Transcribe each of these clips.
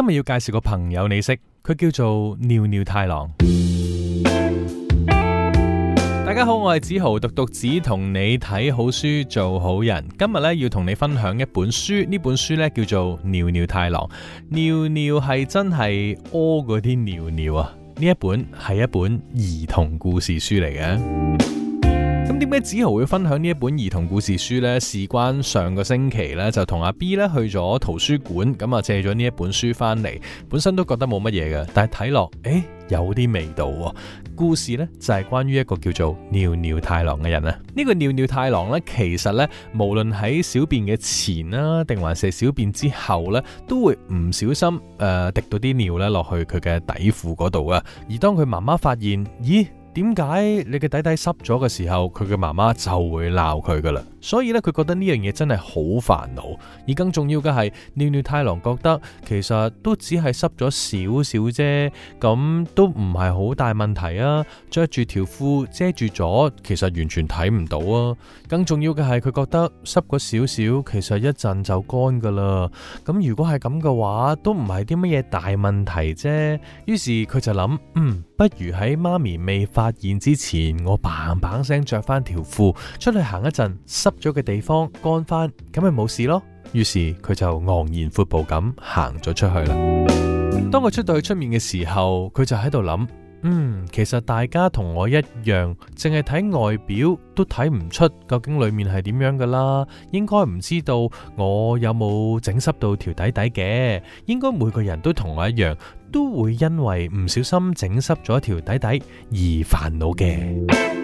今日要介紹個朋友你，你識佢叫做尿尿太郎。大家好，我係梓豪，獨讀子同你睇好書做好人。今日咧要同你分享一本書，呢本書咧叫做尿尿太郎。尿尿係真係屙嗰啲尿尿啊！呢一本係一本兒童故事書嚟嘅。點解子豪會分享呢一本兒童故事書呢？事關上個星期咧就同阿 B 咧去咗圖書館，咁啊借咗呢一本書翻嚟，本身都覺得冇乜嘢嘅，但係睇落誒有啲味道喎、哦。故事呢，就係、是、關於一個叫做尿尿太郎嘅人啊。呢、這個尿尿太郎呢，其實呢，無論喺小便嘅前啦，定還是小便之後呢，都會唔小心誒、呃、滴到啲尿咧落去佢嘅底褲嗰度啊。而當佢媽媽發現，咦？點解你嘅底底濕咗嘅時候，佢嘅媽媽就會鬧佢噶啦，所以咧佢覺得呢樣嘢真係好煩惱。而更重要嘅係，尿尿太郎覺得其實都只係濕咗少少啫，咁都唔係好大問題啊。着住條褲遮住咗，其實完全睇唔到啊。更重要嘅係，佢覺得濕咗少少，其實一陣就乾噶啦。咁如果係咁嘅話，都唔係啲乜嘢大問題啫。於是佢就諗，嗯，不如喺媽咪未發。發現之前，我嘭嘭聲着翻條褲出去行一陣，濕咗嘅地方乾翻，咁咪冇事咯。於是佢就昂然闊步咁行咗出去啦。當佢出到去出面嘅時候，佢就喺度諗。嗯，其實大家同我一樣，淨係睇外表都睇唔出究竟裏面係點樣噶啦，應該唔知道我有冇整濕到條底底嘅，應該每個人都同我一樣，都會因為唔小心整濕咗條底底而煩惱嘅。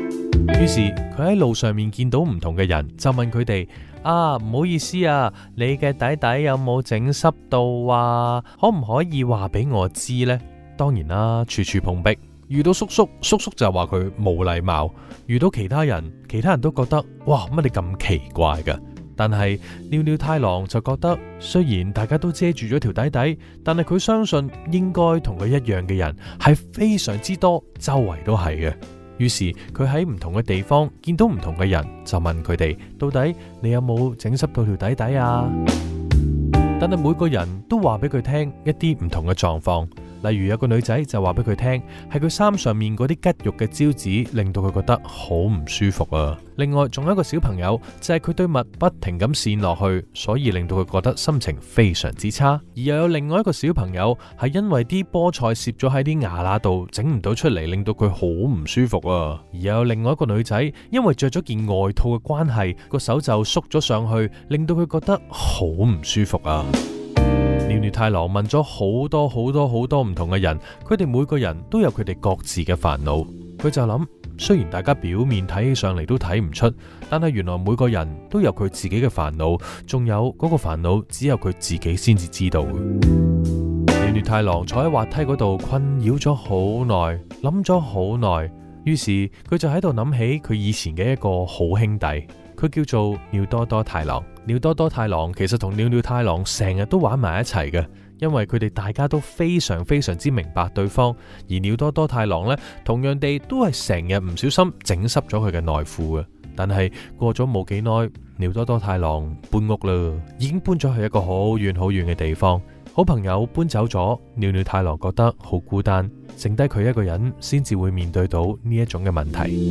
於是佢喺路上面見到唔同嘅人，就問佢哋：「啊，唔好意思啊，你嘅底底有冇整濕到啊？可唔可以話俾我知呢？」當然啦，處處碰壁，遇到叔叔，叔叔就話佢冇禮貌；遇到其他人，其他人都覺得哇，乜你咁奇怪㗎？但係尿尿太郎就覺得，雖然大家都遮住咗條底底，但係佢相信應該同佢一樣嘅人係非常之多，周圍都係嘅。於是佢喺唔同嘅地方見到唔同嘅人，就問佢哋，到底你有冇整濕到條底底啊？但係每個人都話俾佢聽一啲唔同嘅狀況。例如有個女仔就話俾佢聽，係佢衫上面嗰啲拮肉嘅招紙，令到佢覺得好唔舒服啊。另外仲有一個小朋友，就係佢對襪不停咁跣落去，所以令到佢覺得心情非常之差。而又有另外一個小朋友，係因為啲菠菜攝咗喺啲牙罅度，整唔到出嚟，令到佢好唔舒服啊。而又有另外一個女仔，因為着咗件外套嘅關係，個手就縮咗上去，令到佢覺得好唔舒服啊。尿尿太郎問咗好多好多好多唔同嘅人，佢哋每個人都有佢哋各自嘅煩惱。佢就諗，雖然大家表面睇起上嚟都睇唔出，但係原來每個人都有佢自己嘅煩惱，仲有嗰個煩惱只有佢自己先至知道。尿尿太郎坐喺滑梯嗰度困擾咗好耐，諗咗好耐，於是佢就喺度諗起佢以前嘅一個好兄弟。佢叫做尿多多太郎，尿多多太郎其實同尿尿太郎成日都玩埋一齊嘅，因為佢哋大家都非常非常之明白對方，而尿多多太郎呢，同樣地都係成日唔小心整濕咗佢嘅內褲嘅，但係過咗冇幾耐，尿多多太郎搬屋啦，已經搬咗去一個好遠好遠嘅地方。好朋友搬走咗，尿尿太郎覺得好孤單，剩低佢一個人，先至會面對到呢一種嘅問題。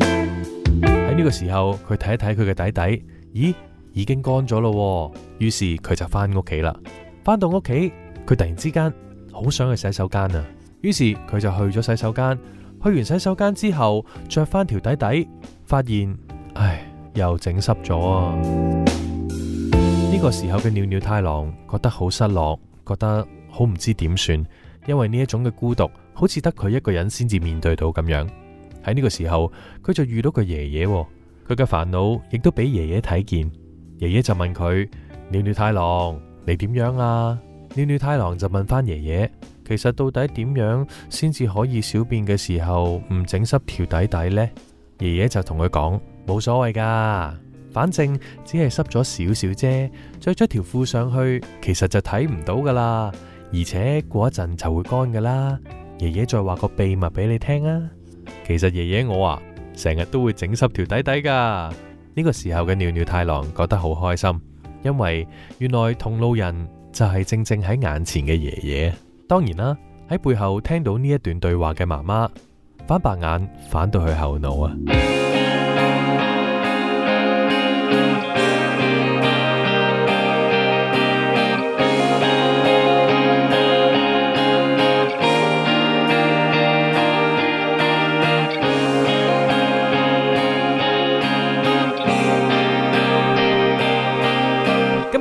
喺呢 個時候，佢睇一睇佢嘅底底，咦，已經乾咗咯。於是佢就翻屋企啦。翻到屋企，佢突然之間好想去洗手間啊。於是佢就去咗洗手間。去完洗手間之後，着翻條底底，發現，唉，又整濕咗啊。呢個時候嘅尿尿太郎覺得好失落。覺得好唔知點算，因為呢一種嘅孤獨，好似得佢一個人先至面對到咁樣。喺呢個時候，佢就遇到個爺爺，佢嘅煩惱亦都俾爺爺睇見。爺爺就問佢：「尿尿太郎，你點樣啊？」尿尿太郎就問翻爺爺：「其實到底點樣先至可以小便嘅時候唔整濕條底底呢？」爺爺就同佢講：「冇所謂噶。反正只係濕咗少少啫，着咗條褲上去，其實就睇唔到噶啦。而且過一陣就會乾噶啦。爺爺再話個秘密俾你聽啊，其實爺爺我啊，成日都會整濕條底底噶。呢個時候嘅尿尿太郎覺得好開心，因為原來同路人就係正正喺眼前嘅爺爺。當然啦，喺背後聽到呢一段對話嘅媽媽，翻白眼反到佢後腦啊。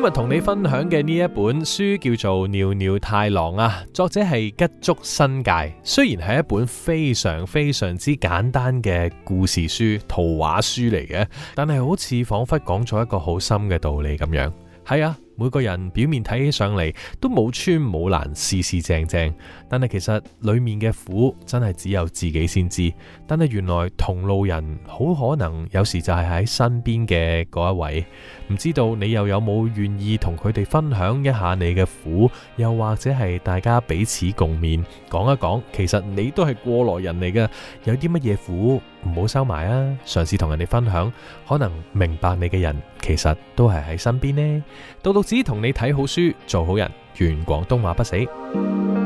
今日同你分享嘅呢一本書叫做《尿尿太郎》啊，作者係吉竹伸介。雖然係一本非常非常之簡單嘅故事書、圖畫書嚟嘅，但係好似仿佛講咗一個好深嘅道理咁樣。係啊。每個人表面睇起上嚟都冇穿冇爛，事事正正，但係其實裏面嘅苦真係只有自己先知。但係原來同路人好可能有時就係喺身邊嘅嗰一位，唔知道你又有冇願意同佢哋分享一下你嘅苦，又或者係大家彼此共勉，講一講，其實你都係過來人嚟嘅，有啲乜嘢苦唔好收埋啊，嘗試同人哋分享，可能明白你嘅人其實都係喺身邊呢，多多只同你睇好書，做好人，願廣東話不死。